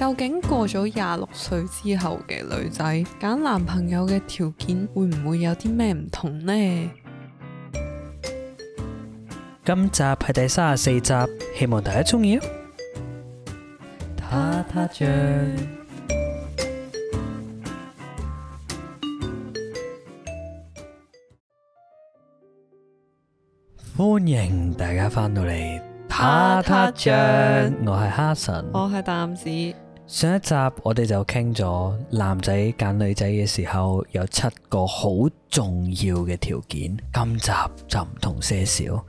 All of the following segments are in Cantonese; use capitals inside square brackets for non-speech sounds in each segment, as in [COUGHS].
究竟過咗廿六歲之後嘅女仔揀 [MUSIC] 男朋友嘅條件會唔會有啲咩唔同呢？今集係第三十四集，希望大家鍾意啊！他他醬，打打歡迎大家翻到嚟。他他醬，我係哈神，我係蛋子。上一集我哋就傾咗男仔揀女仔嘅時候有七個好重要嘅條件，今集就唔同些少，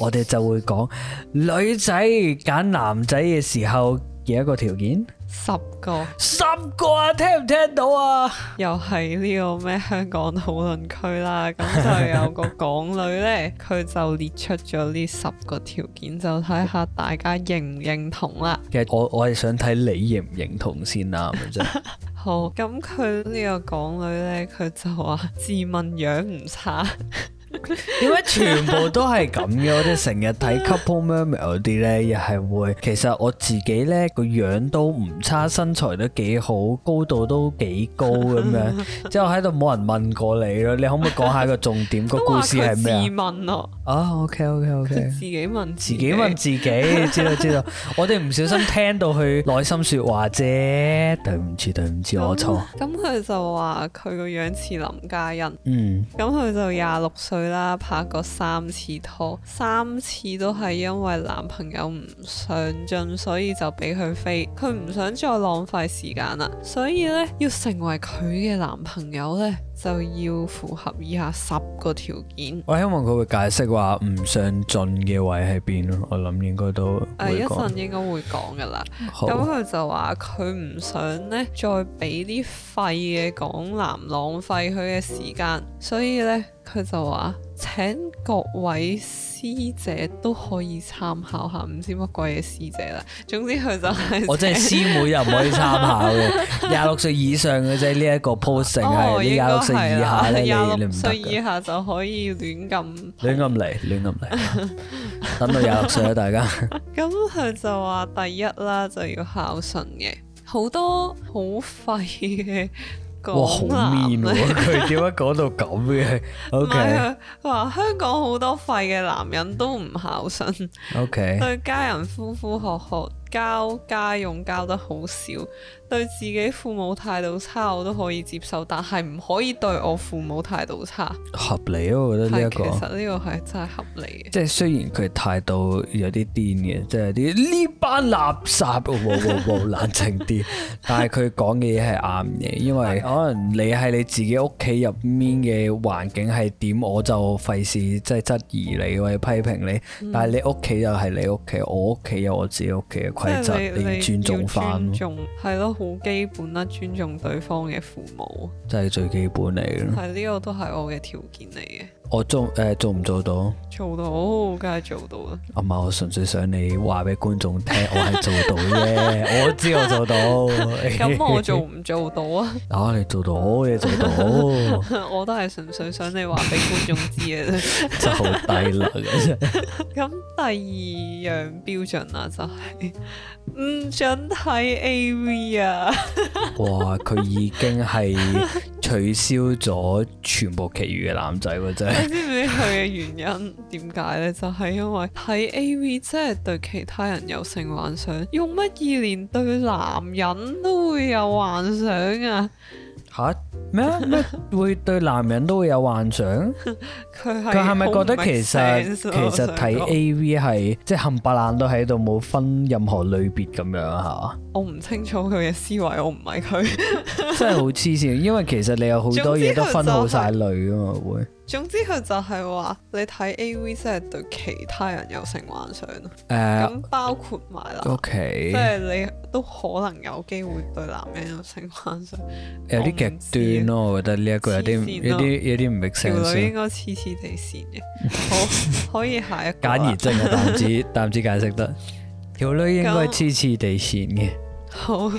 我哋就會講女仔揀男仔嘅時候嘅一個條件。十個，十個啊，聽唔聽到啊？又係呢個咩香港討論區啦，咁就有個港女呢，佢 [LAUGHS] 就列出咗呢十個條件，就睇下大家認唔認同啦。其實我我係想睇你認唔認同先啦、啊，咁 [LAUGHS] [LAUGHS] 好，咁佢呢個港女呢，佢就話自問樣唔差。 [LAUGHS] 點解全部都係咁嘅？我哋成日睇 couple model 嗰啲呢，又係會，其實我自己呢，個樣都唔差，身材都幾好，高度都幾高咁樣。之後喺度冇人問過你咯，你可唔可以講下個重點個 [LAUGHS] 故事係咩？啊、oh，OK OK OK，自己問自己問自己，知道知道，我哋唔小心聽到佢內心説話啫，對唔住對唔住，嗯、我錯。咁佢就話佢個樣似林嘉欣，嗯，咁佢就廿六歲啦，拍過三次拖，三次都係因為男朋友唔上進，所以就俾佢飛。佢唔想再浪費時間啦，所以呢，要成為佢嘅男朋友呢。就要符合以下十個條件。我、哎、希望佢會解釋話唔上進嘅位喺邊咯，我諗應該都誒、啊、一陣應該會講噶啦。咁佢好就話佢唔想咧再俾啲廢嘅港男浪費佢嘅時間，所以咧佢就話。請各位師姐都可以參考下，唔知乜鬼嘅師姐啦。總之佢就係我真係師妹又唔可以參考嘅。廿六 [LAUGHS] 歲以上嘅啫、哦，呢一個 posing 廿六歲以下咧，你廿六歲以下就可以亂咁亂咁嚟，亂咁嚟。 [LAUGHS] [LAUGHS] 等到廿六歲啦，大家。咁佢 [LAUGHS] 就話：第一啦，就要孝順嘅，好多好廢嘅。哇，好面佢點解講到咁嘅？O K，佢話香港好多廢嘅男人都唔孝順，o Okay. [LAUGHS] 對家人呼呼喝喝。交家用交得好少，對自己父母態度差我都可以接受，但係唔可以對我父母態度差。合理啊，我覺得呢、這、一個。其實呢個係真係合理嘅。即係雖然佢態度有啲癲嘅，即係啲呢班垃圾冇冷靜啲， [LAUGHS] 但係佢講嘅嘢係啱嘅，因為可能你喺你自己屋企入面嘅環境係點，我就費事即係質疑你或者批評你。嗯、但係你屋企又係你屋企，我屋企又我自己屋企。規則，你要尊重翻。係咯，好基本啦，尊重對方嘅父母，真係最基本嚟嘅。係，呢個都係我嘅條件嚟嘅。我做誒、呃、做唔做到？做到，梗係做到啦。阿媽、啊，我純粹想你話俾觀眾聽， [LAUGHS] 我係做到啫。 [LAUGHS] 我知我做到。咁 [LAUGHS] 我做唔做到啊？ [LAUGHS] 啊，你做到你做到。 [LAUGHS] 我都係純粹想你話俾觀眾知啫。真係好低能。咁第二樣標準啦、啊，就係唔准睇 A V 啊。 [LAUGHS] 哇！佢已經係取消咗全部其餘嘅男仔，真係。你 [LAUGHS] 知唔知佢嘅原因點解呢？就係因為睇 AV 真係對其他人有性幻想，用乜意連對男人都會有幻想啊！吓咩咩會對男人都會有幻想？佢係佢係咪覺得其實其實睇 AV 係即係冚白爛都喺度冇分任何類別咁樣吓？ [LAUGHS] 我唔清楚佢嘅思維，我唔係佢，真係好黐線！因為其實你有好多嘢都分好晒類噶嘛會。 [LAUGHS] 總之佢就係話，你睇 A V 真係對其他人有性幻想咯。誒，咁包括埋啦，Okay. 即係你都可能有機會對男人有性幻想。有啲極端咯，我，我覺得呢一個有啲、啊、有啲有啲唔 make sense。條女應該黐黐地線嘅。好，可以下一個。 [LAUGHS] 簡而真嘅淡子，淡子解釋得。 [LAUGHS] 條女應該黐黐地線嘅。好，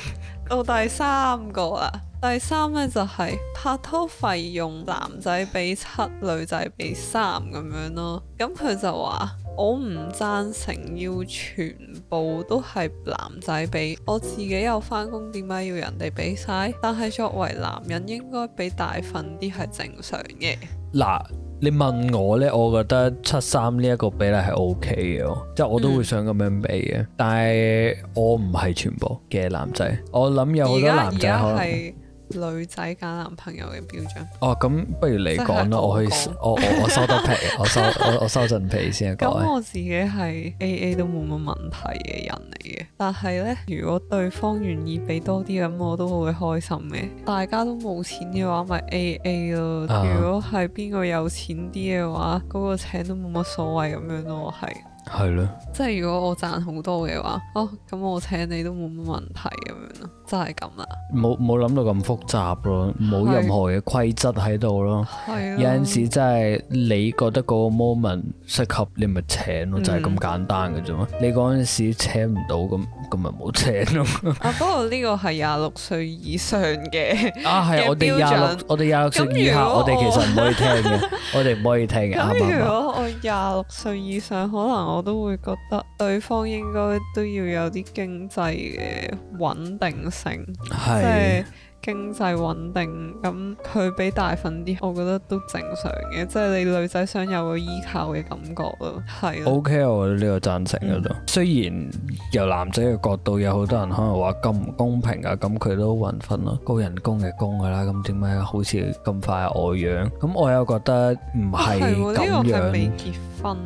到第三個啊。第三咧就係、是、拍拖費用，男仔俾七，女仔俾三咁樣咯。咁佢就話：我唔贊成要全部都係男仔俾，我自己又翻工，點解要人哋俾晒？但係作為男人應該俾大份啲係正常嘅。嗱，你問我呢，我覺得七三呢一個比例係 OK 嘅，即係我都會想咁樣俾嘅。嗯、但係我唔係全部嘅男仔，嗯、我諗有好多男仔可能。女仔揀男朋友嘅標準？哦，咁不如你講啦。嗰個、我可以，我我，我收得皮， [LAUGHS] 我收我，我收陣皮先講。咁我自己係 A A 都冇乜問題嘅人嚟嘅，但係呢，如果對方願意俾多啲咁，我都會開心嘅。大家都冇錢嘅話，咪、就是、A A 咯。啊、如果係邊個有錢啲嘅話，嗰、嗰個請都冇乜所謂咁樣咯，我係。係咯的，即係如果我賺好多嘅話，哦，咁我請你都冇乜問題咁樣咯。都係咁啦，冇冇諗到咁複雜咯，冇任何嘅規則喺度咯。係啊。有陣時真係你覺得嗰個 moment 適合你，你咪請咯，啊，嗯、就係咁簡單嘅啫嘛。你嗰陣時請唔到，咁咁咪冇請咯。啊，不過呢個係廿六歲以上嘅啊，係我哋廿六，我哋廿六歲以下， [LAUGHS] 我哋其實唔可以聽嘅， [LAUGHS] 我哋唔可以聽嘅。咁 [LAUGHS] 如果我廿六歲以上，可能我都會覺得對方應該都要有啲經濟嘅穩定性性是即係經濟穩定，咁佢俾大份啲，我覺得都正常嘅。即係你女仔想有個依靠嘅感覺咯。係 O K，我覺得呢個贊成嘅咯。嗯、雖然由男仔嘅角度，有好多人可能話咁唔公平啊，咁佢都搵份咯高人工嘅工噶啦。咁點解好似咁快外養？咁我，我又覺得唔係咁樣。哦哦這個、未結婚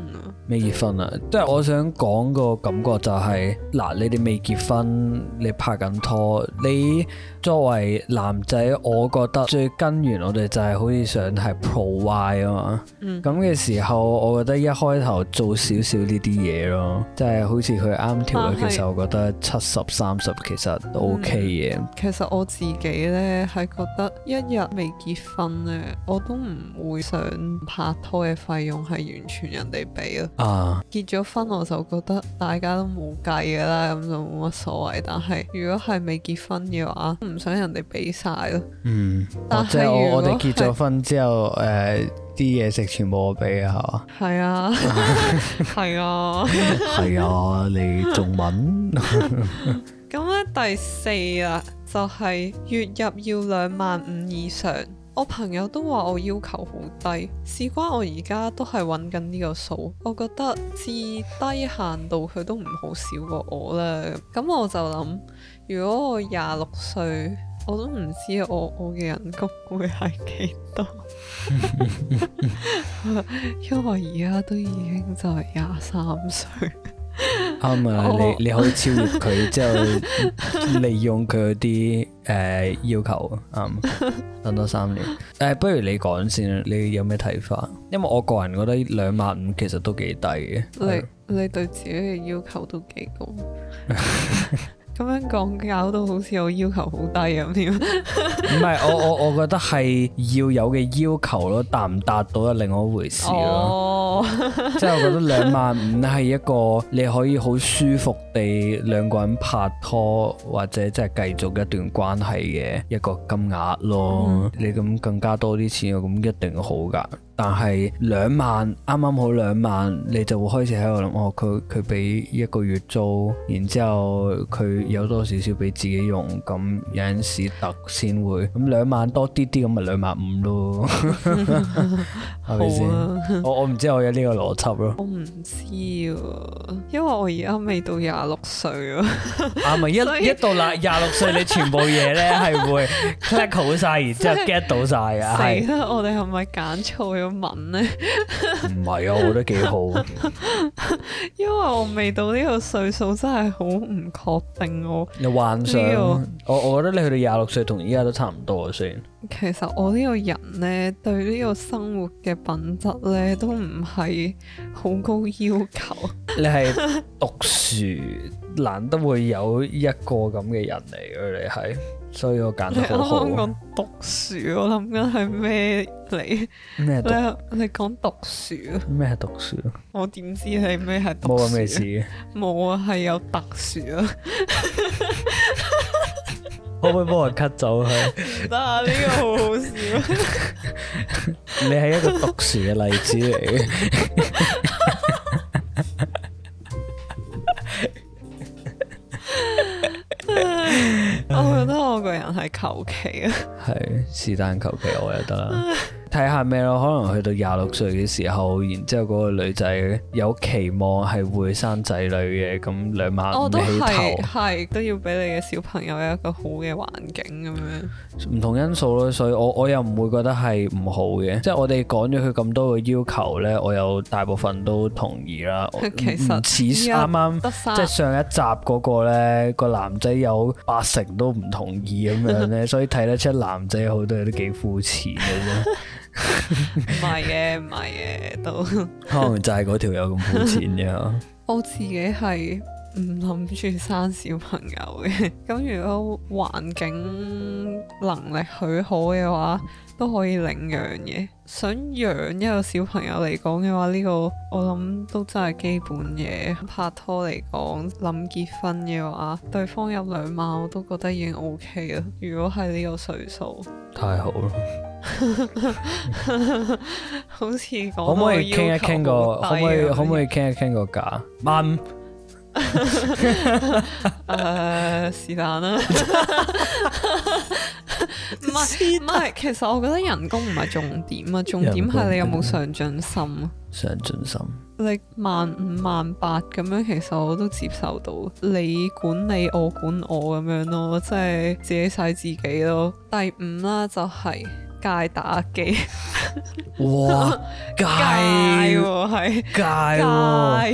未結婚啊，即係我想講個感覺就係、是，嗱，你哋未結婚，你拍緊拖，你作為男仔，我覺得最根源我哋就係好似想係 provide 啊嘛，咁嘅、嗯、時候，我覺得一開頭做少少呢啲嘢咯，即係好似佢啱條女嘅，是其實我覺得七十三十其實都 OK 嘅、嗯。其實我自己呢，係覺得一日未結婚呢，我都唔會想拍拖嘅費用係完全人哋俾啊。啊！Uh, 結咗婚我就覺得大家都冇計噶啦，咁就冇乜所謂。但係如果係未結婚嘅話，唔想人哋俾晒咯。嗯，但如果哦、即係我我哋結咗婚之後，誒啲嘢食全部我俾啊，係嘛？啊，係啊，係啊，你仲問？咁 [LAUGHS] 咧第四啊，就係、係、月入要兩萬五以上。我朋友都話我要求好低，事關我而家都係揾緊呢個數，我覺得至低限度佢都唔好少過我啦。咁我就諗，如果我廿六歲，我都唔知我我嘅人工會係幾多， [LAUGHS] 因為我而家都已經就係廿三歲。啱啊！嗯 oh. 你你可以超越佢，之後利用佢啲誒要求，啱、嗯、 [LAUGHS] 等多三年。誒、呃，不如你講先，你有咩睇法？因為我個人覺得兩萬五其實都幾低嘅。你是你對自己嘅要求都幾高。 [LAUGHS] 咁樣講，搞到好似我要求好低咁點？唔係， [LAUGHS] [LAUGHS] 我我我覺得係要有嘅要求咯，達唔達到係另外一回事咯。Oh. [LAUGHS] 即係我覺得兩萬五係一個你可以好舒服地兩個人拍拖或者即係繼續一段關係嘅一個金額咯。Mm. 你咁更加多啲錢，咁一定好㗎。但係兩萬啱啱好兩萬，你就會開始喺度諗哦，佢佢俾一個月租，然之後佢有多少少俾自己用，咁有陣時突先會咁兩萬多啲啲咁咪兩萬五咯，係 [LAUGHS] 咪 [LAUGHS] 好、啊、先？我我唔知我有呢個邏輯咯。我唔知喎、啊，因為我而家未到廿六歲啊。啊 [LAUGHS] 咪 [LAUGHS] [LAUGHS] [LAUGHS] 一一到廿六歲，你全部嘢咧係會 click 好晒，然之後 get 到晒啊！死啊是是，我哋係咪揀錯？聞咧，唔係啊，我覺得幾好，因為我未到呢個歲數，真係好唔確定我。你幻想，這個、我我覺得你去到廿六歲同依家都差唔多先。其實我呢個人咧，對呢個生活嘅品質咧，都唔係好高要求。 [LAUGHS] 你係讀書，難得會有一個咁嘅人嚟嘅你係。所以我揀咗好。我香港讀書，我諗緊係咩嚟？咩？你你講讀書啊？咩係讀書啊？我點知你咩係？冇啊，咩事？冇啊，係有特殊啊！可唔可以幫我 cut 走佢？等下呢個好好笑。你係一個讀書嘅例子嚟。我覺得我個人係求其啊，係是但求其我又得啦。 [LAUGHS] 睇下咩咯，可能去到廿六歲嘅時候，然之後嗰個女仔有期望係會生仔女嘅，咁兩晚唔起牀，係、哦、都要俾你嘅小朋友有一個好嘅環境咁樣。唔同因素咯，所以我我又唔會覺得係唔好嘅。即係我哋講咗佢咁多個要求呢，我有大部分都同意啦。 [LAUGHS] 其實唔似啱啱即係上一集嗰、嗰個咧，個男仔有八成都唔同意咁樣呢， [LAUGHS] 所以睇得出男仔好多嘢都幾膚淺嘅啫。 [LAUGHS] 唔係嘅，唔係嘅，都 [LAUGHS] 可能就係嗰條友咁好錢嘅。 [LAUGHS] 我自己係唔諗住生小朋友嘅，咁 [LAUGHS] 如果環境能力許可嘅話，都可以領養嘅。想養一個小朋友嚟講嘅話，呢、呢個我諗都真係基本嘅。拍拖嚟講諗結婚嘅話，對方有兩萬我都覺得已經 O K 啦。如果係呢個歲數，太好啦。 [LAUGHS] 好似講，可唔可以傾一傾個？可唔可以可唔可以傾一傾個價？萬，誒， [LAUGHS] 是但啦，唔係唔係，其實我覺得人工唔係重點啊，重點係你有冇上進心啊？上進心， [LAUGHS] 呃、 [LAUGHS] 你有有心、啊、心萬五萬八咁樣，其實我都接受到。你管你，我管我咁樣咯，即係自己晒自己咯。第五啦，就係、是。戒界打機， [LAUGHS] 哇！戒喎係戒喎，界啊、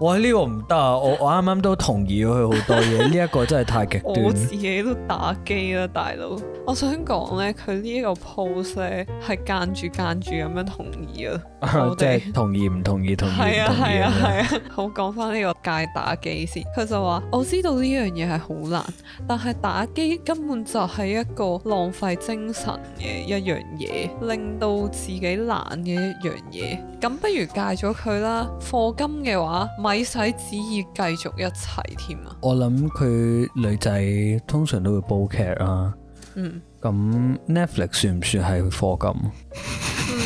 哇！呢、呢個唔得啊！我我啱啱都同意咗佢好多嘢，呢一 [LAUGHS] 個真係太極端。我自己都打機啦，大佬。我想講咧，佢呢個 pose 係間住間住咁樣同意咯，即係 [LAUGHS] 們 [LAUGHS] 同意唔同意同意。係啊係啊係啊！啊啊啊 [LAUGHS] 好講返呢個戒打機先。佢就話：我知道呢樣嘢係好難，但係打機根本就係一個浪費精神嘅一。樣嘢令到自己懶嘅一樣嘢，咁不如戒咗佢啦。課金嘅話，咪使旨意繼續一齊添啊！我諗佢女仔通常都會煲劇啦，嗯，咁 Netflix 算唔算係課金？嗯 [LAUGHS]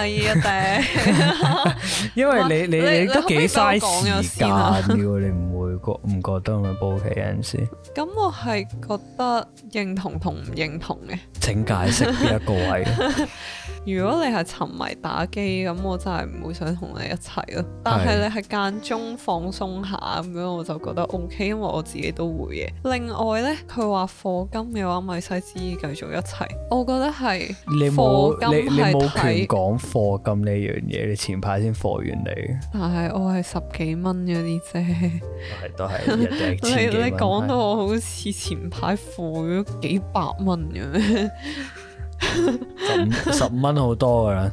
係啊，定， [LAUGHS] 因為你 [LAUGHS] 你你都幾嘥時間嘅 [LAUGHS] 你唔會覺唔覺得咪？O K，有陣時，咁我係覺得認同同唔認同嘅，請解釋呢一個位。 [LAUGHS] 如果你係沉迷打機，咁我真係唔會想同你一齊咯。但係你係間中放鬆下咁樣，的我就覺得 O、OK, K，因為我自己都會嘅。另外咧，佢話課金嘅話，咪使繼續一齊。我覺得係你課金係冇權講。課金呢樣嘢，你前排先課完你。但係我係十幾蚊嗰啲啫，都 [LAUGHS] 係 [LAUGHS] [LAUGHS] 你你講到我好似前排課咗幾百蚊咁樣。 [LAUGHS] 十,十,十五蚊好多噶啦，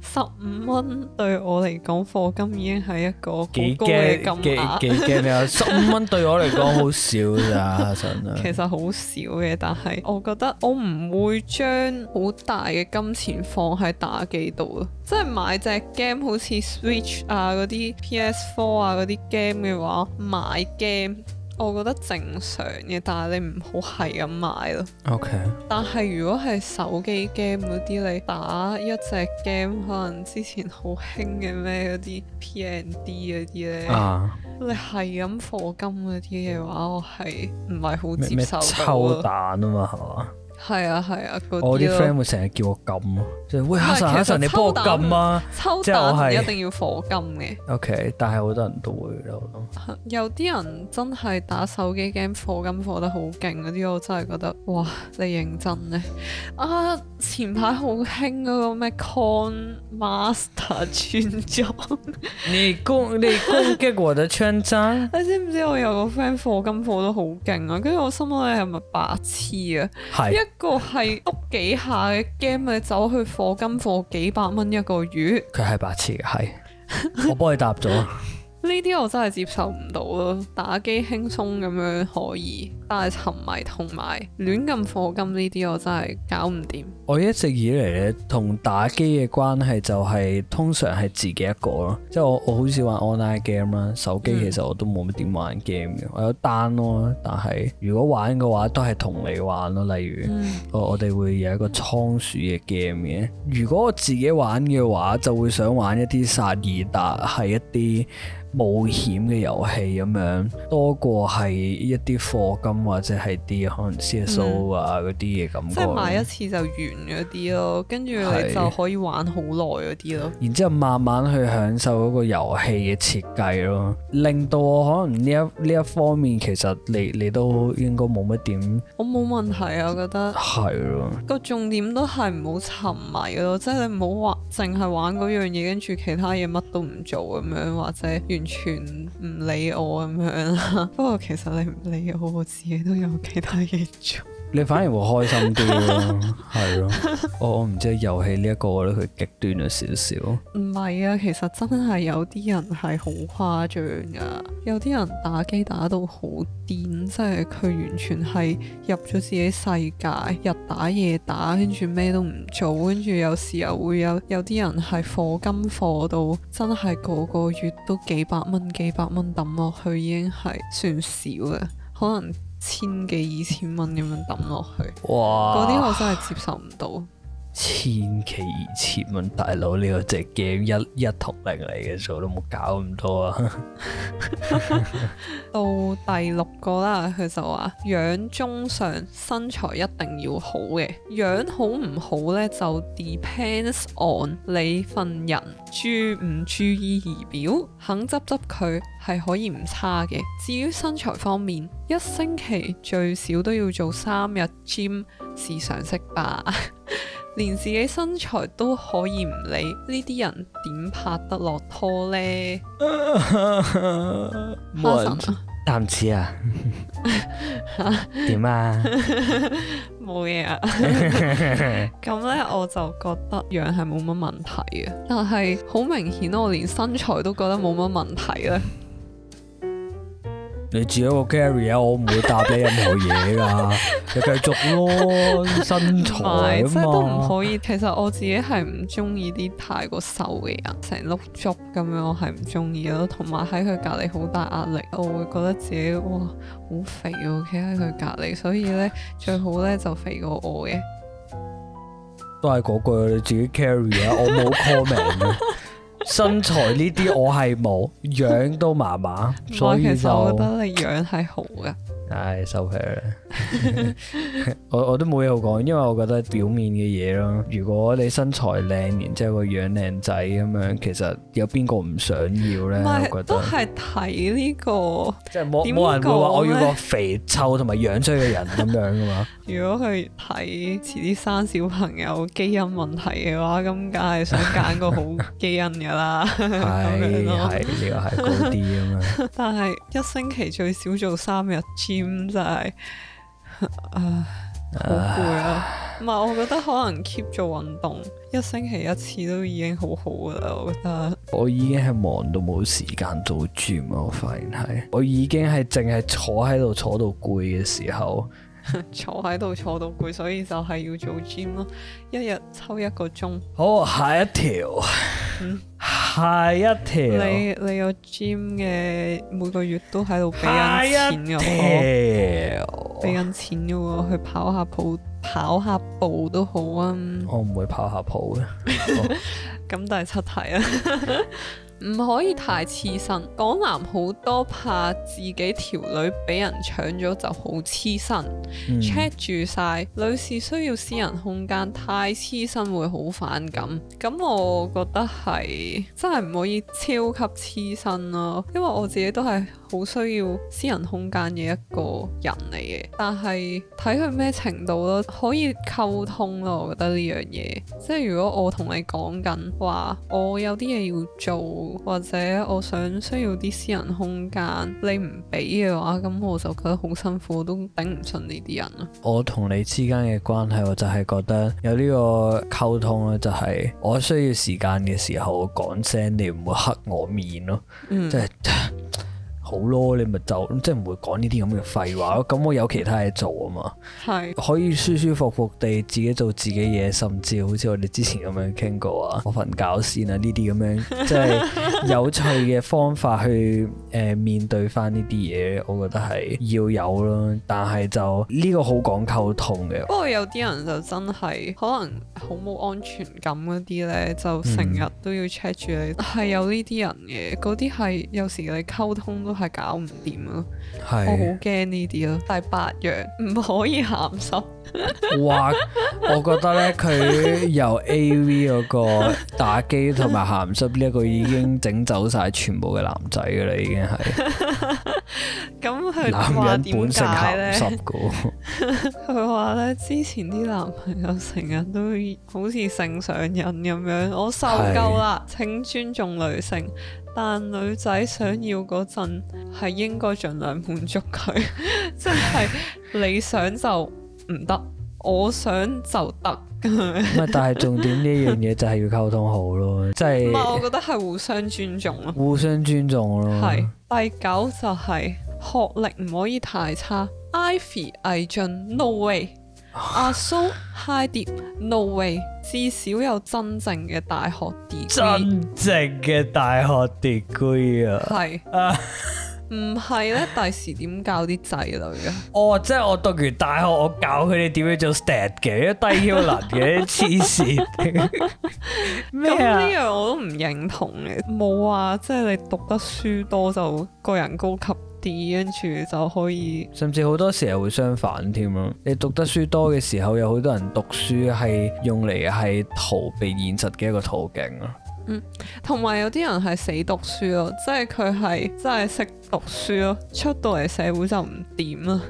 十五蚊對我嚟講，課金已經係一個幾高嘅金額。幾驚啊？十五蚊對我嚟講好少咋，阿神。其實好少嘅，但係我覺得我唔會將好大嘅金錢放喺打機度啊。即係買隻 game，好似 Switch 啊，嗰啲 PS Four 啊，嗰啲 game 嘅話，買 game。我覺得正常嘅，但係你唔好係咁買咯。OK。但係如果係手機 game 嗰啲，你打一隻 game，可能之前好興嘅咩嗰啲 P&D 嗰啲咧，P 啊、你係咁課金嗰啲嘅話，我係唔係好接受到啊？係啊係啊，啊我啲 friend 會成日叫我撳咯，就喂阿晨阿晨，你幫我撳啊！抽蛋，是是抽蛋一定要火金嘅。O、okay, K，但係好多人都會都有啲人真係打手機 game 火金火得好勁嗰啲，我真係覺得哇，你認真咧啊！前排好興嗰個咩 Con Master 穿裝， [LAUGHS] 你攻你攻擊我嘅穿裝？ [LAUGHS] 你知唔知我有個 friend 火金火得好勁啊？跟住我心諗你係咪白痴啊？係是 [LAUGHS] [LAUGHS] 個係打幾下嘅 game 你走去貨金貨幾百蚊一個月，佢係白痴嘅，係 [LAUGHS] 我幫你答咗。呢啲 [LAUGHS] 我真係接受唔到咯，打機輕鬆咁樣可以。但係沉迷同埋亂撳課金呢啲，我真係搞唔掂。我一直以嚟咧同打機嘅關係就係、是、通常係自己一個咯，即係我我好少玩 online game 啦。手機其實我都冇乜點玩 game 嘅，嗯、我有單咯。但係如果玩嘅話，都係同你玩咯。例如、嗯、我哋會有一個倉鼠嘅 game 嘅。如果我自己玩嘅話，就會想玩一啲薩爾達，係一啲冒險嘅遊戲咁樣，多過係一啲課金。或者係啲可能 CSO 啊嗰啲嘢咁，嗯、即係買一次就完嗰啲咯，跟住你就可以玩好耐嗰啲咯。然之後慢慢去享受嗰個遊戲嘅設計咯，令到我可能呢一呢一方面其實你你都應該冇乜點，我冇問題啊，我，我覺得係咯。個重點都係唔好沉迷咯，即係你唔好話淨係玩嗰樣嘢，跟住其他嘢乜都唔做咁樣或者完全唔理我咁樣啦。 [LAUGHS] 不過其實你唔理我，好自嘢都有其他嘢做 [LAUGHS] 你反而會開心啲咯，啊，係咯、 [LAUGHS] oh，這個，我我唔知遊戲呢一個咧，佢極端咗少少。唔係啊，其實真係有啲人係好誇張噶，有啲人打機打到好癲，即係佢完全係入咗自己世界，日打夜打，跟住咩都唔做，跟住有時又會有有啲人係課金課到，真係個個月都幾百蚊，幾百蚊抌落去，已經係算少嘅，可能。千幾二千蚊咁樣抌落去，嗰啲哇我真係接受唔到。千祈而切，問大佬呢個隻 game 一一徒零嚟嘅，做都冇搞咁多啊。 [LAUGHS] [LAUGHS] [LAUGHS] 到第六個啦，佢就話：樣中上，身材一定要好嘅。樣好唔好呢？就 depends on 你份人注唔注意儀表，肯執執佢係可以唔差嘅。至於身材方面，一星期最少都要做三日 gym 是常識吧。 [LAUGHS] 連自己身材都可以唔理，呢啲人點拍得落拖呢？唔係，男子啊？嚇？點啊？冇嘢 [LAUGHS] 沒事啊？ [LAUGHS] 咁呢，我就覺得樣係冇乜問題嘅，但係好明顯我連身材都覺得冇乜問題咧。你自己一個 carrier 我唔會搭俾任何嘢㗎，你 [LAUGHS] 繼續咯，身材啊嘛，唔可以，其實我自己係唔中意啲太過瘦嘅人，成碌竹咁樣我係唔中意咯。同埋喺佢隔離好大壓力，我會覺得自己哇好肥喎，我企喺佢隔離，所以咧最好咧就肥過我嘅。都係嗰句你自己 carrier 我冇 comment。 [LAUGHS] [LAUGHS] 身材呢啲我係冇， [LAUGHS] 樣都麻麻， [LAUGHS] 所以就。我，其實我覺得你樣係好噶 [COUGHS] 唉，收皮啦。So [LAUGHS] [LAUGHS] 我我都冇嘢好講，因為我覺得表面嘅嘢咯。如果你身材靚，然之後個樣靚仔咁樣，其實有邊個唔想要咧？是我覺得都係睇呢個，即係冇冇人會話我要個肥臭同埋 [LAUGHS] 樣衰嘅人咁樣噶嘛？如果佢睇遲啲生小朋友基因問題嘅話，咁梗係想揀個好基因噶啦。係係呢個係高啲咁樣。但係一星期最少做三日 gym 就係，是。唉，好攰啊。唔係唉，我覺得可能 keep 做運動一星期一次都已經好好噶啦。我覺得我已經係忙到冇時間做 gym，我發現係，我已經係淨係坐喺度坐到攰嘅時候， [LAUGHS] 坐喺度坐到攰，所以就係要做 gym 咯，一日抽一個鐘。好，下一條， [LAUGHS] 嗯、下一條，你你有 gym 嘅每個月都喺度俾緊錢嘅俾緊錢嘅喎，哇去跑，下，跑下步，跑下步都好啊。我唔會跑下步嘅。咁但係七題啊，唔 [LAUGHS] 可以太黐身。港男好多怕自己條女俾人搶咗，就好黐身，check 住晒，女士需要私人空間，太黐身會好反感。咁我覺得係真係唔可以超級黐身咯，啊，因為我自己都係。好需要私人空間嘅一個人嚟嘅，但係睇佢咩程度咯，可以溝通咯。我覺得呢樣嘢，即係如果我同你講緊話，我有啲嘢要做，或者我想需要啲私人空間，你唔俾嘅話，咁我就覺得好辛苦，我都頂唔順呢啲人咯。我同你之間嘅關係，我就係覺得有呢個溝通啊，就係我需要時間嘅時候我講聲，你唔會黑我面咯，即係、嗯。就是笑好咯，你咪就即係唔會講呢啲咁嘅廢話咯。咁我有其他嘢做啊嘛，係是可以舒舒服服地自己做自己嘢，甚至好似我哋之前咁樣傾過啊，我瞓覺先啊，呢啲咁樣，即係有趣嘅方法去。 [LAUGHS] 面對翻呢啲嘢，我覺得係要有咯，但係就呢個好講溝通嘅。不過有啲人就真係可能好冇安全感嗰啲呢，就成日都要 check 住你係、嗯、有呢啲人嘅，嗰啲係有時你溝通都係搞唔掂咯。是我好驚呢啲咯，第八樣唔可以鹹濕。 [LAUGHS] 哇！我覺得咧，佢由 A.V. 嗰、嗰個 [LAUGHS] 打機同埋鹹濕呢一個已經整走晒全部嘅男仔噶啦，已經係。咁佢、 [LAUGHS] 嗯、男人本性鹹濕話點解咧？佢話咧，之前啲男朋友成日都好似性上癮咁樣，我受夠啦，是請尊重女性，但女仔想要嗰陣係應該盡量滿足佢，即 [LAUGHS] 係是 [LAUGHS] 你想就。唔得，我想就得。 [LAUGHS] 但係重點呢樣嘢就係要溝通好咯，即係。唔係，我覺得係互相尊重咯。互相尊重咯。係第九就係學歷唔可以太差，IVE、毅進，no way，阿蘇、so、High Dip，no way，至少有真正嘅大學 degree。真正嘅大學 degree 啊。係是。 [LAUGHS] 唔係咧，第時點教啲仔女啊？ [LAUGHS] 哦，即係我讀完大學，我教佢哋點樣做 stat 嘅，低 IQ 能嘅，黐線。咩啊？咁呢樣我都唔認同嘅。冇啊麼，即係你讀得書多就個人高級啲，跟住就可以。甚至好多時候會相反添咯。你讀得書多嘅時候，有好多人讀書係用嚟係逃避現實嘅一個途徑咯。同埋、嗯、有啲人係死讀書咯，即係佢係真係識讀書咯，出到嚟社會就唔掂啦。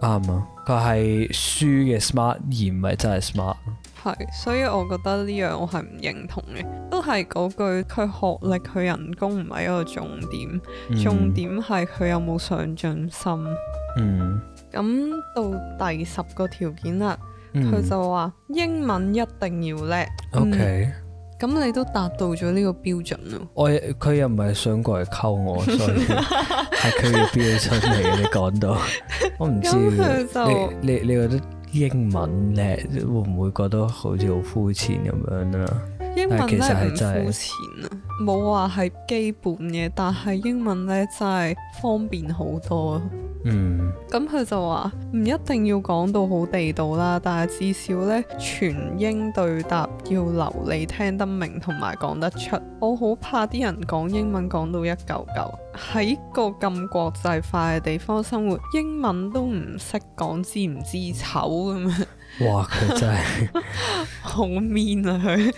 啱啊，嗯，佢係書嘅 smart 而唔係真係 smart。係，所以我覺得呢樣我係唔認同嘅，都係嗰句，佢學歷佢人工唔係一個重點，重點係佢有冇上進心。嗯，咁到第十個條件啦，佢、嗯、就話英文一定要叻。o、Okay. k 咁你都達到咗呢個標準咯 [LAUGHS] ？我佢又唔係想過嚟溝我，所以係佢嘅標準嚟嘅。你講到我唔知，你你你覺得英文叻會唔會覺得好似好膚淺咁樣啊？英文其實係真係膚淺啊！冇話係基本嘅，但係英文咧真係方便好多。嗯，咁佢、嗯、就話唔一定要講到好地道啦，但係至少呢，全英對答要流利，聽得明同埋講得出。我好怕啲人講英文講到一嚿嚿，喺個咁國際化嘅地方生活，英文都唔識講，知唔知醜咁啊？哇，佢真係好 mean 啊，佢。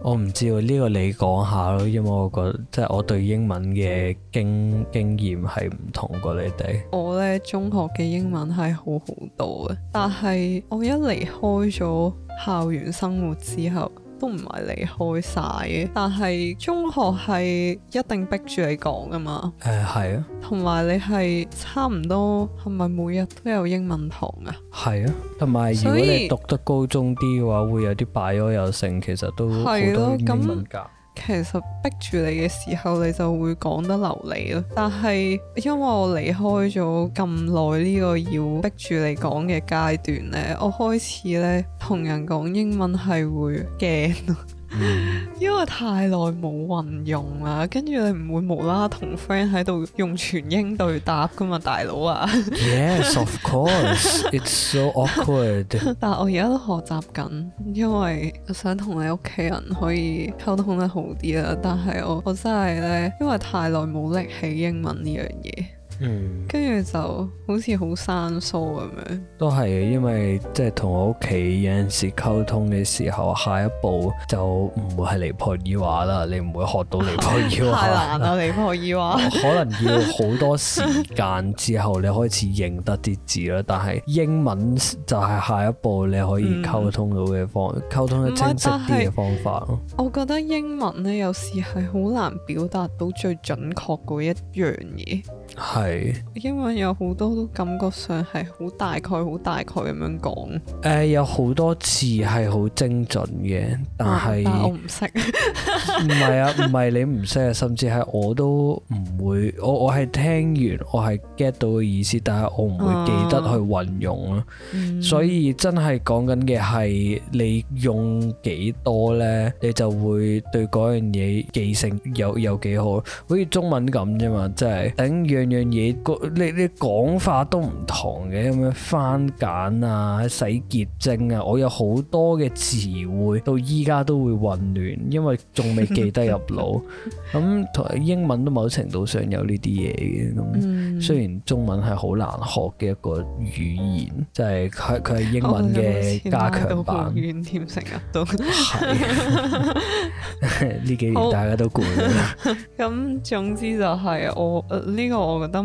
我唔知，呢個你講下咯，因為我覺得即係我對英文嘅經經驗係唔同過你哋。我呢中學嘅英文係好好多嘅，但係我一離開咗校園生活之後。都唔係離開晒嘅，但係中學係一定逼住你講噶嘛。誒係、呃、啊，同埋你係差唔多係咪每日都有英文堂啊？係啊，同埋如果你讀得高中啲嘅話，以會有啲擺咗有剩，其實都好多英文噶。其實逼住你嘅時候，你就會講得流利咯。但係因為我離開咗咁耐，呢個要逼住你講嘅階段呢，我開始呢同人講英文係會驚。 [LAUGHS] Mm. 因為太耐冇運用啦，跟住你唔會無啦同 friend 喺度用全英對答噶嘛，大佬啊。Yes, of course. [LAUGHS] It's so awkward. [LAUGHS] 但係我而家都學習緊，因為想同你屋企人可以溝通得好啲啦。但係我我真係咧，因為太耐冇拎起英文呢樣嘢。嗯，跟住就好似好生疏咁樣。都係嘅，因為即係同我屋企有陣時溝通嘅時候，下一步就唔會係尼泊爾話啦，你唔會學到尼泊爾話。太難啦，尼泊爾話。 [LAUGHS] 可能要好多時間之後，你開始認得啲字啦。但係英文就係下一步你可以溝通到嘅方，溝、嗯、通得清晰啲嘅方法咯。我覺得英文咧有時係好難表達到最準確嗰一樣嘢。係。英文有好多都感覺上係好大概、好大概咁樣講。誒、呃、有好多詞係好精準嘅，但係我唔識。唔係啊，唔係、 [LAUGHS] 啊、你唔識、啊，甚至係我都唔會。我我係聽完，我係 get 到意思，但係我唔會記得去運用咯。啊嗯、所以真係講緊嘅係你用幾多咧，你就會對嗰樣嘢記性有有幾好。好似中文咁啫嘛，即係等樣樣。嘢講你你講法都唔同嘅，咁樣翻簡啊、洗潔精啊，我有好多嘅詞彙到依家都會混亂，因為仲未記得入腦。咁同 [LAUGHS] 英文都某程度上有呢啲嘢嘅。咁、嗯、雖然中文係好難學嘅一個語言，就係佢佢係英文嘅加強版。添成日都係呢 [LAUGHS] [LAUGHS] [LAUGHS] 幾年大家都攰。咁、哦、 [LAUGHS] 總之就係、是、我呢、呃呢個，我覺得。